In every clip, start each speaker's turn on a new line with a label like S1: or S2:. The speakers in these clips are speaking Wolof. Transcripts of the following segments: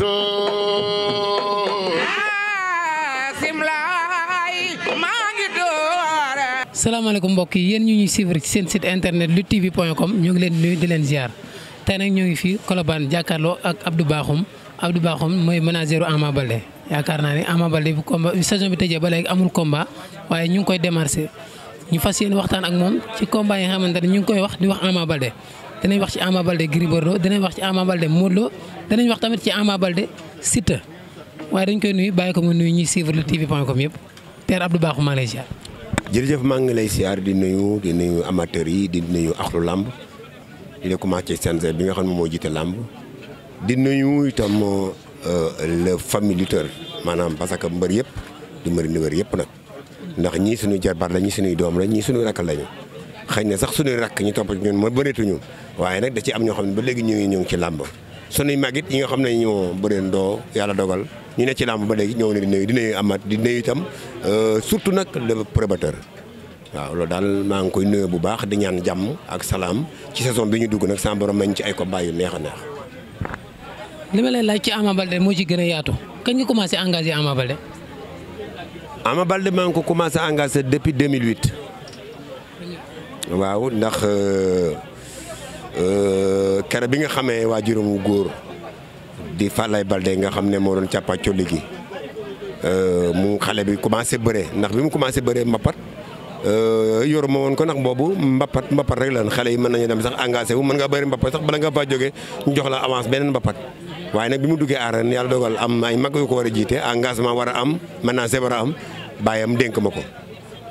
S1: Ah, door salaamaaleykum mbokk yi yéen ñu ñuy suivre ci seen site internet com ñu ngi leen nuyu di leen ziar tey nag ñu ngi fii Colobane jàkkaarloo ak Abdou Bakhoum Abdou baaxum mooy manageru Ama Baldé yaakaar naa ne Ama bu combat saison bi tëjee ba léegi amul combat waaye ñu ngi koy démarché ñu fas yéen waxtaan ak moom ci combat yi nga xamante ne ñu ngi koy wax di wax Ama Baldé dinañ wax ci Ama Baldé Gris Bordeaux dinañ wax ci Ama Baldé Modou Lô dinañ wax tamit ci Ama Baldé Siteu waaye dañ koy nuyu bàyyi ko mu nuyu ñuy suivre luttetv.com yëpp Père Abdou Bakhoum maa ngi lay ziar.
S2: jërëjëf maa ngi lay ziar di nuyu di amateurs yi di nuyu axlu làmb di la commencé CNG bi nga xam ne moo jiite làmb di nuyu itam euh, le famille maanaam parce que mbër yëpp du mbëri mbër yëpp nag ndax ñii suñu jarbaat la ñii suñuy doom la ñii suñu rakk lañu. xëy na sax suñuy rakk ñu topp ñun mooy bëreetuñu waaye nag da ci am ñoo xam ne ba léegi ñu ngi ñu ngi ci làmb sunuy màggit yi nga xam ne ñoo bëreen doo yàlla dogal ñu ne ci làmb ba léegi ñoo ne di nuyu di nuyu amat di nuyu itam euh, surtout nag le promoteur waaw loolu daal maa ngi koy nuyu bu baax di ñaan jàmm ak salaam ci saison bi ñu dugg nag sa borom mañ ci ay combat yu neex a neex.
S1: li ma lay laaj ci Ama Balde moo ci gën a yaatu kañ nga commencé engagé Ama Balde.
S2: Ama Balde maa ngi ko commencé engagé depuis 2008. waaw ndax euh, euh, kere bi nga xamee waajuram wu góor di Falaye Balde nga xam ne moo doon càppa colli gi euh, mu xale bi commencé bëree ndax bi mu commencé bëree mbapat yoru ma woon ko ndax boobu mbapat mbapat rek lan xale yi mën nañu dem sax engagé wu mën nga bëri mbapat sax bala nga faa jóge ñu jox la avance beneen mbapat waaye nag bi mu duggee arène yàlla dogal am ay mag yu ko war a jiite engagement war a am maintenant war a am bàyyam dénk ma ko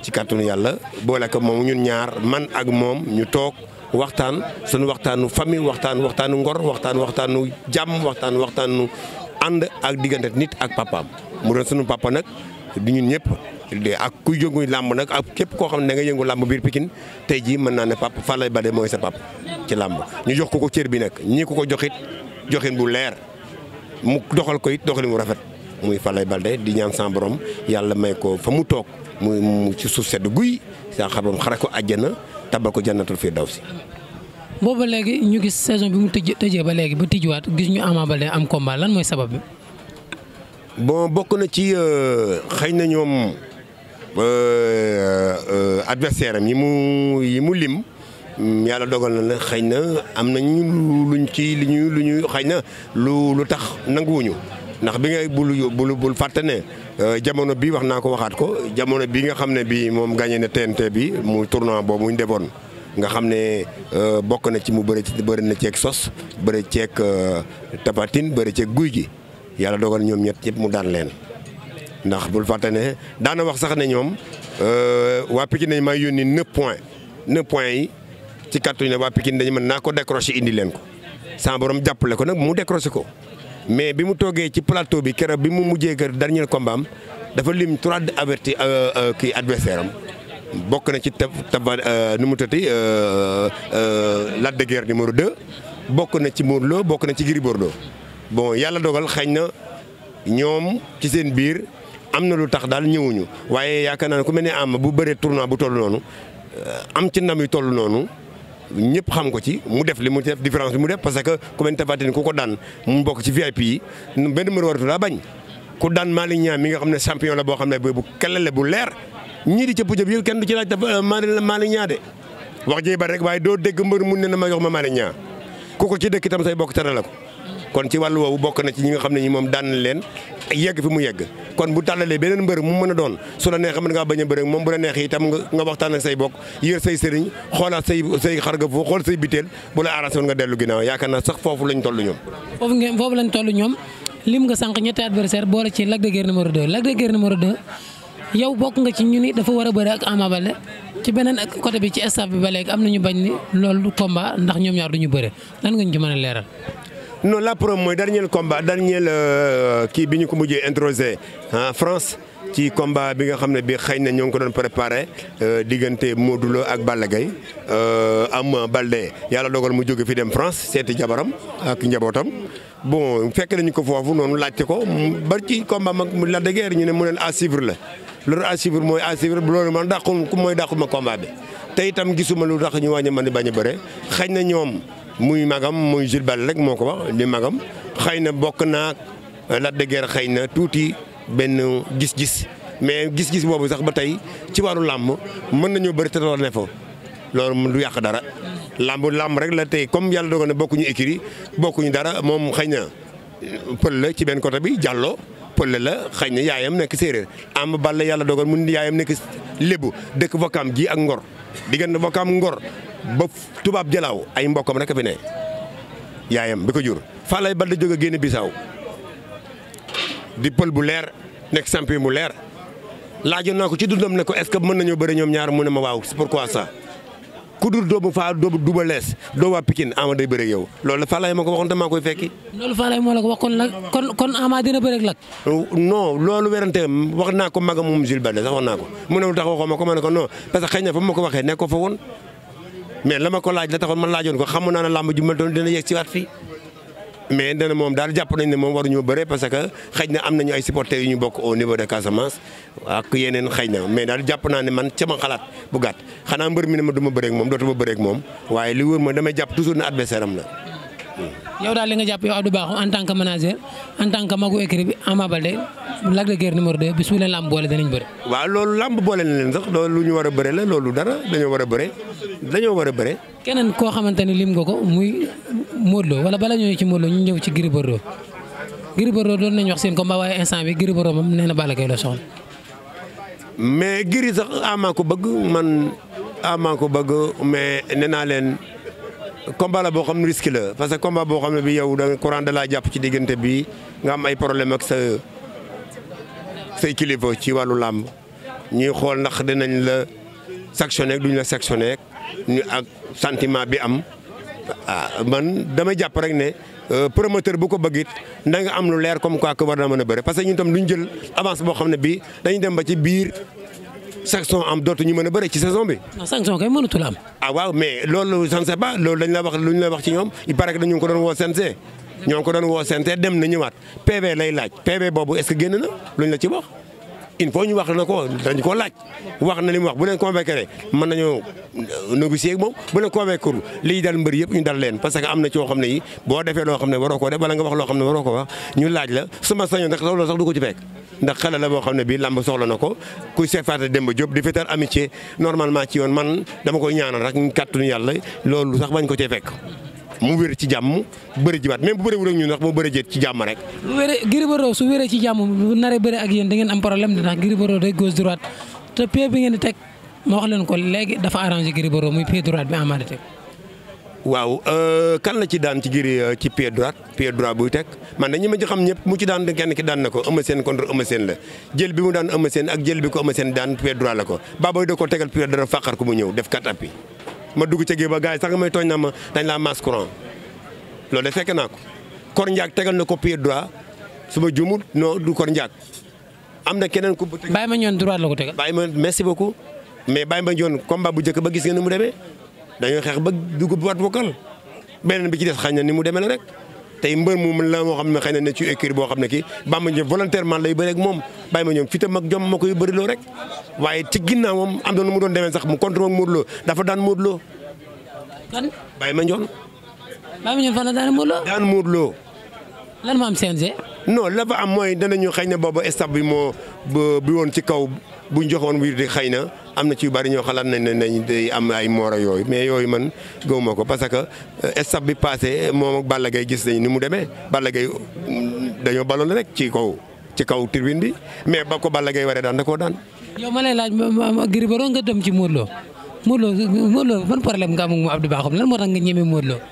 S2: ci kàttanu yàlla boole ak moom ñun ñaar man ak moom ñu toog waxtaan sunu waxtaanu famille waxtaan waxtaanu ngor waxtaan waxtaanu jàmm waxtaan waxtaanu ànd ak diggante nit ak papaam mu doon sunu papa nag du ñun ñëpp ak kuy yëngu làmb nag ak képp koo xam ne da nga yëngu làmb biir pikin tey jii mën naa ne papa Falaye Baldé mooy sa papa ci làmb ñu jox ko ko cër bi nag ñii ko ko joxit joxin bu leer mu doxal ko it doxalin mu rafet. muy Falaye Baldé di ñaan sa borom yàlla may ko fa mu toog mu ci suuf sedd guy sa xaram xare ko àjjana taba ko jannatul firdawsi
S1: booba léegi ñu gis saison bi mu tëj tëjee ba léegi ba tijjiwaat gis ñu Ama Baldé am combat lan mooy sabab bi.
S2: bon bokk na ci euh, xëy na ñoom euh, euh, adversaire yi mu yi mu lim. Mm, yàlla dogal na ne xëy na am nañu luñ ci lu ñuy lu ñuy xëy na lu lu tax nanguwuñu ndax bi ngay bul bul bul fàtte ne euh, jamono bi wax naa ko waxaat ko jamono bi nga xam ne bi moom gagné na TNT bi mu tournoi boobu ñu defoon nga xam ne euh, bokk na ci mu bëri bëri na ceeg sos bëri ceeg euh, tapatin bëri ceeg guy gi yàlla dogal ñoom ñett ñëpp mu daan leen ndax bul fàtte ne daana wax sax ne ñoom waa Pikine nañ may yónni nëpp points neuf points yi ci kàttu ne waa Pikine dañu mën naa ko décrocher indi leen ko sans borom jàppale ko nag mu décrocher ko mais bi mu toogee ci plateau bi keroog bi mu mujjee kër dernier combat am dafa lim trois averti euh, euh, kii adversaire am bokk na ci tab taba euh, nu mu tëti Lac de Guiers numéro 2 bokk na ci Modou bokk na ci Gris Bordeaux bon yàlla dogal xañ na ñoom ci seen biir am na lu tax daal ñëwuñu waaye yaakaar naa ne ku mel ne am bu bëree tournoi bu toll noonu am ci nam yu toll noonu ñëpp xam ko ci mu def li mu def différence bi mu def parce que ku mel ni ku ko daan mu bokk ci VIP yi benn mbër waratu laa bañ ku daan Malick Niang mi nga xam ne champion la boo xam ne bu kelale bu leer ñii di ca pëjëb yëpp kenn du ci laaj dafa euh, Malick Niang de wax jëy bari rek waaye doo dégg mbër mu ne na ma jox ma Malick Niang ku ko ci dëkk itam say bokk tere la ko kon ci wàllu woowu bokk na ci ñi nga xam ne ñi moom daan leen yegg fi mu yegg kon bu tàllalee beneen mbër mu mën a doon su la neexee mën ngaa bañ a bëre moom bu la neexee itam nga waxtaan ak say bokk yër say sëriñ xoolaat say say xool say biteel bu la arrangé woon nga dellu ginnaaw yaakaar naa sax foofu lañ toll ñoom
S1: foofu ngeen foofu lañ toll ñoom lim nga sànq ñetti adversaire boole ci Lac de Guiers numéro 2 Lac de Guiers numéro 2 yow bokk nga ci ñu ni dafa war a bëre ak Ama Baldé ci beneen côté bi ci staff bi ba léegi am nañu bañ ni loolu combat ndax ñoom ñaar duñu bëre lan nga ñu ci mën a leeral
S2: non la promo mooy dernier combat dernier euh, kii bi ñu ko mujjee introsé en France ci combat bi nga xam ne bi xëy na ñoo ngi ko doon préparé euh, diggante Modou Lo ak Balla Gaye euh, am Baldé yàlla dogal mu jóge fi dem France seeti jabaram ak njabootam bon fekk nañu ko foofu noonu laajte ko bari ci combat mag la dëgër ñu ne mu leen à suivre la loolu à suivre mooy à suivre loolu man dàqul mooy dàquma combat bi te itam gisuma lu tax ñu wàññi man di bañ a bëre xëy na ñoom. muy magam muy Jules Bal rek moo ko wax di magam xëy na bokk naa la de Guiers xëy na tuuti benn gis-gis mais gis-gis boobu sax ba tey ci wàllu làmb mën nañoo bëri te ne fa loolu du yàq dara. làmb làmb rek la tey comme yàlla dogal na bokkuñu écrit bokkuñu dara moom xañ na pël la ci benn côté bi jàlloo pël la xëy na yaayam nekk séeréer am bal yàlla dogal mun yaayam nekk lébu dëkk Wakam ji ak Ngor diggante Wakam Ngor. ba tubaab jalaaw ay mbokkam rek fi ne yaayam bi ko jur Falaye Baldé jóge génne Bisaaw di pël bu leer nekk champion bu leer laajoon naa ko ci dundam ne ko est-ce que mën ñoom ñaar mu ne ma waaw pourquoi ça ku dul doomu faa doomu duba lees doo waa Pikine Ama day bëri yow loolu ko waxoon te maa koy fekki.
S1: loolu Falaye moo la ko wax dina bëri ak Lac.
S2: loolu werante wax naa ko magam moom Jules Baldé sax wax naa ko mu ne lu tax waxoo ma ma ne ko non parce que xëy na ko waxee nekk ko fa woon. mais la ma ko laaj la taxoon man laajoon ko xamu naa ne làmb ju mel doon dina yegg si waat fii mais dana moom daal jàpp nañ ne moom waruñu bëre parce que xëy na am nañu ay supporters yu ñu bokk au niveau de Casamance ak yeneen xëy na mais daal jàpp naa ne man sama xalaat bu gàtt xanaa mbër mi ne ma du ma bëreeg moom dootuma bëreeg moom waaye li wóor ma damay jàpp toujours ne adversaire am la
S1: yow daal li a jàpp yow Abdou Bakhoum en tant que manager en tant magu écrit bi de Guiers numéro 2 bis bu leen làmb boole danañ bëri.
S2: waaw loolu làmb boole na sax loolu ñu war a bëre la loolu dara dañoo war a bëre dañoo war a bëre.
S1: keneen koo xamante ne lim muy Modou Lo wala bala ñëwee ñu ci Gris Bordeaux Gris Bordeaux doon nañ wax seen combat waaye instant bi Gris Bordeaux moom nee na Balla Gaye la soxla.
S2: mais Gris man Ama leen. combat boo xam ne risque la parce que combat boo xam ne bi yow da courant da laa jàpp ci diggante bi nga am ay problème ak sa say kilifa ci wàllu làmb ñuy xool ndax dinañ la sanctionné duñ la sanctionné ñu ak sentiment bi am ah man dama jàpp rek ne euh, promoteur bu ko bëggit nda nga am lu leer comme quoi que war na mën a bëre parce que ñun tam duñ jël avance boo xam ne bii dañu dem ba ci biir sanction am dootu ñu mën a bëri ci saison bi.
S1: non sanction kay am.
S2: ah waaw mais loolu je ne loolu dañ la wax lu ñu la ci ñoom il paraît ko doon na ñëwaat PV lay laaj PV ci wax. il ñu wax na ko dañ ko laaj wax na li mu wax bu leen convaincre mën nañoo négocier moom bu leen convaincre lii dal mbër yëpp ñu dal leen parce que am na coo xam ne yi boo defee loo xam ne wax loo xam ne waroo ko wax ñu laaj la sama sañoon loolu sax du ko ci fekk. ndax xale la boo xam ne bii làmb soxla na ko ku seefaata Demba Diop di fetal amitié normalement ci yoon man dama koy ñaanal rek ñu kàttanu yàlla loolu sax bañ ko cee fekk. mu wér ci jàmm bëri jiwaat même bu bëree wul ak ñun ndax moo bëri jët ci jàmm rek. bu
S1: wéree Gris Bordeaux su wéree ci jàmm bu naree bëri ak yéen da ngeen am problème ndax Gris Bordeaux day gauche droite te pied bi ngeen di teg ma wax leen ko léegi dafa arrangé Gris Bordeaux muy pied droite bi Ama di
S2: waaw euh, kan na ci daan ci giri euh, ci pied droit pied droit buy teg man dañu ma ci xam ñëpp mu ci daan kenn ki daan na ko Eumeu Sène contre Eumeu Sène la jël bi mu daan Eumeu ak jël bi ko Eumeu Sène daan pied droit la ko Baboy da ko tegal pied droit fàqar ko mu ñëw def kat ma dugg ca géej ba gars sax may tooñ na ma dañ laa masse courant loolu de fekk naa ko Kor Ndiak tegal na ko pied droit su ma juumul non du Kor Ndiak am na keneen ku. bàyyi ma ñoon droit la ko tegal. bàyyi ma merci beaucoup mais bàyyi ma ñoon combat bu njëkk ba gis ngeen ni mu demee. dañoo xeex ba dugub wat bokkal beneen bi ci des xañ na ni mu demee la rek tey mu moom la moo xam ne xëy na ne ci écurie boo xam ne ki Bamba Dieng volontairement lay bëri moom bàyyi ma ñoom fitam ak jom ma koy bëriloo rek waaye ci ginnaaw moom am na nu mu doon demee sax mu contre ak Modou dafa daan Modou Lo. lan bàyyi ma ñoon.
S1: bàyyi ma ñoon fan la daan
S2: Modou Lo. daan Modou
S1: lan moo am CNG.
S2: non la fa am mooy danañu xëy na boobu stade bi moo bi yoon ci kaw bu ñu joxoon wiir di xëy na am na ci yu bari ñoo xalaat nañ ne na day am ay moora yooyu mais yooyu man gëwuma ko parce que euh, stade bi passé moom Balla Gaye gis nañu ni mu demee Balla Gaye mm, dañoo baloon rek ci kaw ci kaw tribune bi mais ba ko Balla Gaye waree daan da koo daan.
S1: yow ma lay laaj Gris Bordeaux nga dem ci Modou Lo Modou Lo Modou Lo ban problème nga am ak Abdou Bakhoum lan moo tax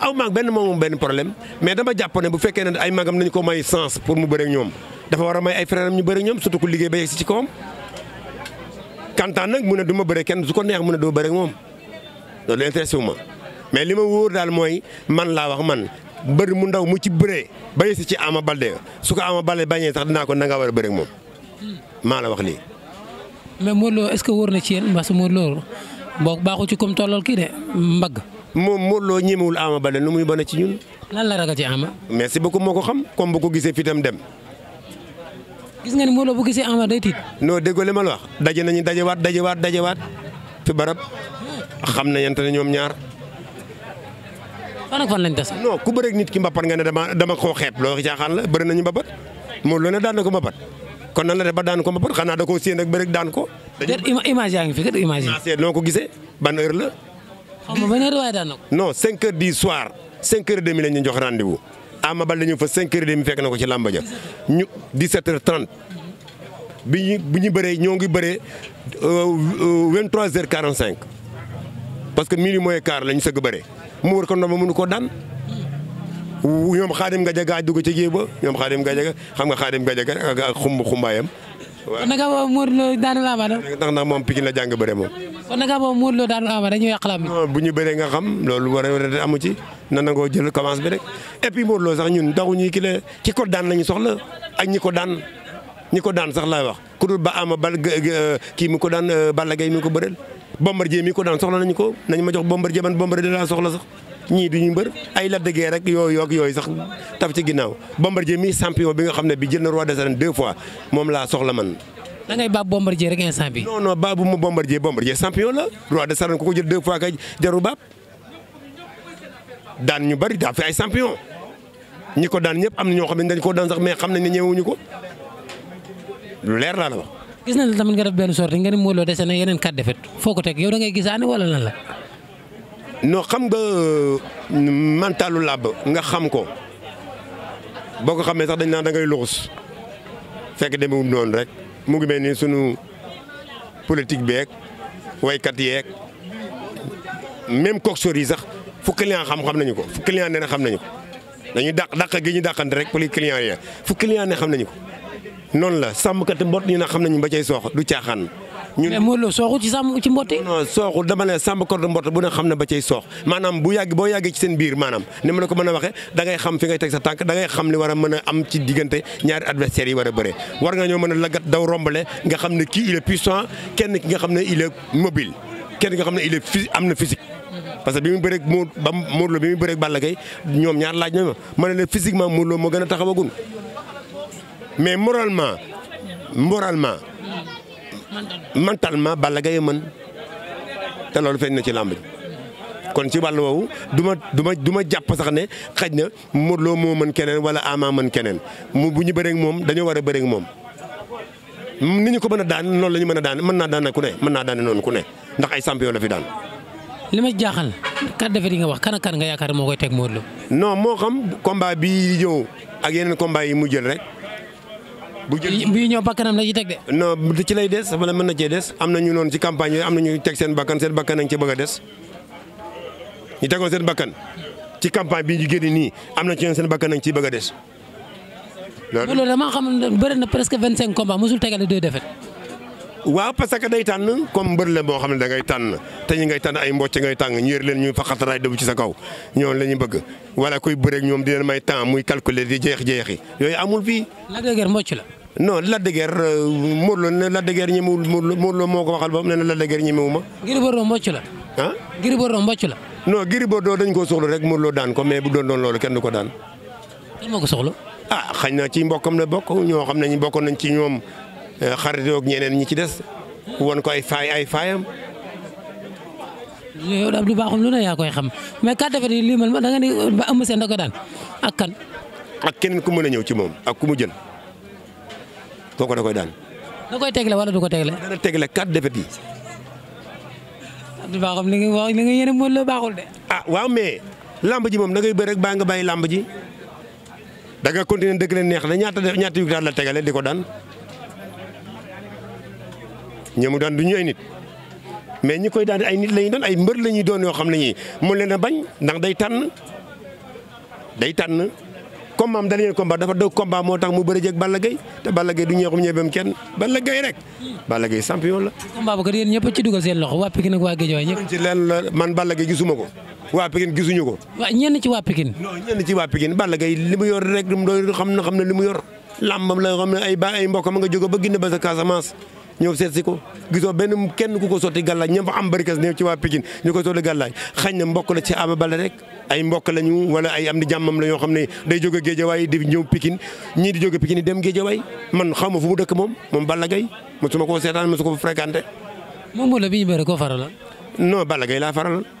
S2: aw maag benn moomu benn problème mais dama jàpp bu fekkee ne ay magam nañ ko may sens pour mu bëre ñoom dafa war a may ay frères am ñu bëre ak ñoom ba ci kawam. kantaan nag mu ne du ma bëre kenn su ko neex mu ne du ma bëre moom loolu intéressé wu ma mais li ma wóor daal mooy man laa wax man mbër mu ndaw mu ci bëree ba si ci Ama Baldé su ko Ama Baldé bañee sax dinaa ko nanga war a bëre moom maa la wax lii.
S1: mais Modou Lo est-ce que wóor na ci yéen parce que Modou Lo boo baaxul ci comme tollal kii de
S2: mbag moom Modou Lo ñemewul Ama Baldé nu muy bone ci ñun.
S1: lan la ragal ci Ama.
S2: merci beaucoup moo ko xam comme bu ko gisee fi tam dem.
S1: gis nga ni Modou bu gisee Ama
S2: day tiit. non déggoo li ma la wax daje nañu dajewaat dajewaat waat fi barab xam nañu ne ñoom ñaar. fan ak fan lañ des. non ku bëreeg nit ki mbapat nga ne dama dama koo xeeb loo caaxaan la bëri nañu mbapat Modou Lo ne daan na ko mbapat kon na la def ba daan ko mbapat xanaa da koo séen ak bëreeg daan ko. dañuy image yaa ngi fi kat image yi. noo ko gisee ban heure la.
S1: xaw ma ban heure waaye daan na ko.
S2: non 5 heures la ñu jox rendez Ama Baldé ñëw fa 5 heures et mu fekk na ko ci làmba ja ñu 17 heures 30 bi ñu ñu bëree ñoo ngi bëree 23 euh, heures 45 parce que minuit mooy quart la ñu sëgg bëree mu wër ko ndomba mënu ko daan. ñoom xaadim nga jaga dugg ci géej ba ñoom xaadim nga jaga xam nga xaadim nga jaga ak xumb xumbaayam. waaw kon
S1: nag amoo Modou Lo daanu Ama
S2: ndax moom Pikine la jàng bëre moom.
S1: kon nag amoo Modou Lo
S2: bu ñu bare nga xam loolu war a amu ci. na nangoo jël commence bi rek et puis Modou Lo sax ñun taxu ñuy ki le ci ko daan lañu soxla ak ñi ko daan ñi ko daan sax laay wax ku dul ba ama bal kii mi ko daan euh, Balla Gaye mi ko bëreel Bombardier mi ko daan soxla nañu ko nañ ma jox Bombardier man Bombardier laa soxla sax ñii du ñu mbër ay Lac de Guiers rek yooyu yooyu sax taf ci ginnaaw Bombardier mi champion bi nga xam ne bi jël na roi des arènes deux fois moom laa soxla man
S1: da ngay baab Bombardier rek instant
S2: bi non non la roi des arènes ku ko jël deux fois kay jaru baab daan ñu bari daa fi ay champion ñu ko daan ñëpp am na ñoo xam ne dañ ko daan sax mais xam nañ ne ñëwuñu ko lu leer laa la wax.
S1: gis nañ nga def benn sortie nga ni Modou Lo dese na yeneen quatre défaites foo ko teg yow da ngay gisaane wala lan la.
S2: non xam nga euh, mentalu làbb nga xam ko boo ko xamee sax dañ naan da ngay luxus fekk demewul noonu rek mu ngi mel ni sunu politique beeg waykat yeeg même coxeur yi sax. fu client xam xam nañu ko fu client xam nañu ko dañuy dàq dàq gi ñu dàqante rek pour client yi fu client ne xam nañu ko noonu la sàmmkat mbott ñu na xam nañu ba cay soox du caaxaan. ñun mais Modou Lo sooxu ci sàmm ci mbott yi. non sooxu dama ne sàmmkat mbott bu ne xam na ba cay soox maanaam bu yàgg boo yàggee ci seen biir maanaam ni ma la ko mën a waxee da xam fi ngay teg sa tànk da xam ne war a mën a am ci diggante ñaari adversaires yi war a bëre war nga ñoo mën a lagat daw rombale nga xam ne kii il est puissant kenn ki nga xam ne il est mobile nga xam ne il est am na physique parce que bi mu bëreeg Modou ba Modou Lo bi mu bëreeg Balla Gaye ñoom ñaar laaj na ma ma ne leen physiquement Modou Lo moo gën a taxawagun mais moralement moralement mentalement Balla Gaye mën te loolu feeñ na ci làmb ji kon ci wàll woowu du ma du ma du ma jàpp sax ne xaj na Modou Lo moo mën keneen wala Ama mën keneen mu bu ñu bëreeg moom dañoo war a bëreeg moom. ni ko mën a daan noonu la ñu mën a daan mën naa daan mën naa daan noonu ku ne ndax ay champion la fi daan.
S1: li ma jaaxal kan defet yi nga wax kan kan nga yaakaar moo koy teg Modou Lo.
S2: non moo xam combat bii ñëw ak yeneen combat yi mu jël rek. bu
S1: jël bii ñoo bakkanam la ci teg de.
S2: non ci lay des wala mën na cee des am na ñu noonu ci campagne am na ñu teg seen bakkan seen bakkan nañ ci bëgg a des. ñu tegoon seen bakkan ci campagne bii ñu génn nii am na ci seen bakkan nañ ciy bëgg a des. loolu
S1: dama xam bëri na presque vingt cinq combats mosul tegale deux
S2: défaites. waaw parce que day tànn comme mbër la boo xam ne da ngay tànn te ñi ngay tànn ay mbocc ngay tàng ñu leen ñu fa xataraay dëbb ci sa kaw ñooñu la ñu bëgg wala kuy bëreeg ñoom di leen may temps muy calculer di jeex jeexi yooyu amul fii. Lac de Guiers mbocc la. non Lac de Guiers euh, Modou Lo ne Lac de Guiers moo ko waxal ba mu ne Lac de Guiers ñemewu ma.
S1: Gris Bordeaux mbocc la.
S2: ah Gris Bordeaux mbocc la. dañ koo soxla rek Modou Lo daan ko mais bu doon doon loolu du ko daan. kan moo ko soxla. ah xañ na ci mbokkam ne bokk ñoo xam ne ñu bokkoon nañ ci ñoom Euh, xaritoog ñeneen ñi ci des won ko ay faay ay faayam.
S1: yow daal du baaxum lu ne yaa koy xam mais quatre défaites yi lii man da nga ni ba da ko daan ak kan.
S2: ak keneen ku mën a ñëw ci moom ak ku mu jël kooku da koy daan.
S1: da koy tegle wala du ko tegle. dana
S2: tegle quatre défaites yi. du baaxum li nga wax li nga yéene baaxul de. ah waaw mais lamb ji moom da ngay bëri baa ngi bàyyi làmb ji da nga continuer dëgg neex na ñaata ñaata victoire la tegale di ko daan. ñoomu daan du ñu ay nit mais ñi koy daan ay nit la doon ay mbër la ñuy doon yoo xam ne ñii mu leen a bañ ndax day tànn day tànn combat am dernier combat dafa doog combat moo tax mu bëri jeeg Balla Gaye te Balla Gaye du ñeexum ñeebam kenn Balla Gaye rek Balla Gaye champion la. ba kat yéen man Balla Gaye gisuma ko waa Pikine gisuñu ko.
S1: waaw ñenn ci waa Pikine.
S2: non ñenn ci waa Balla Gaye li rek mu doon xam na xam ne li mu yor làmbam la xam ne ay ba mbokk ma nga jóge ba Guinée ba Casamance ñëw seet si ko gisoo benn kenn ku ko sotti gàllaaj ña fa am bari kas néew ci waa Pikine ñu ko sotti gàllaaj xañ na mbokk la ci Ama Baldé rek ay mbokk lañu wala ay am di jàmmam la yoo xam ne day joge jóge Géejawaay di ñëw Pikine ñii di jóge Pikine yi dem Géejawaay man xaw ma fu mu dëkk moom moom Balla Gaye mosuma koo seetaan mosu ko fréquenté. moom moo la bi ñu bëri koo faral non Balla Gaye laa faral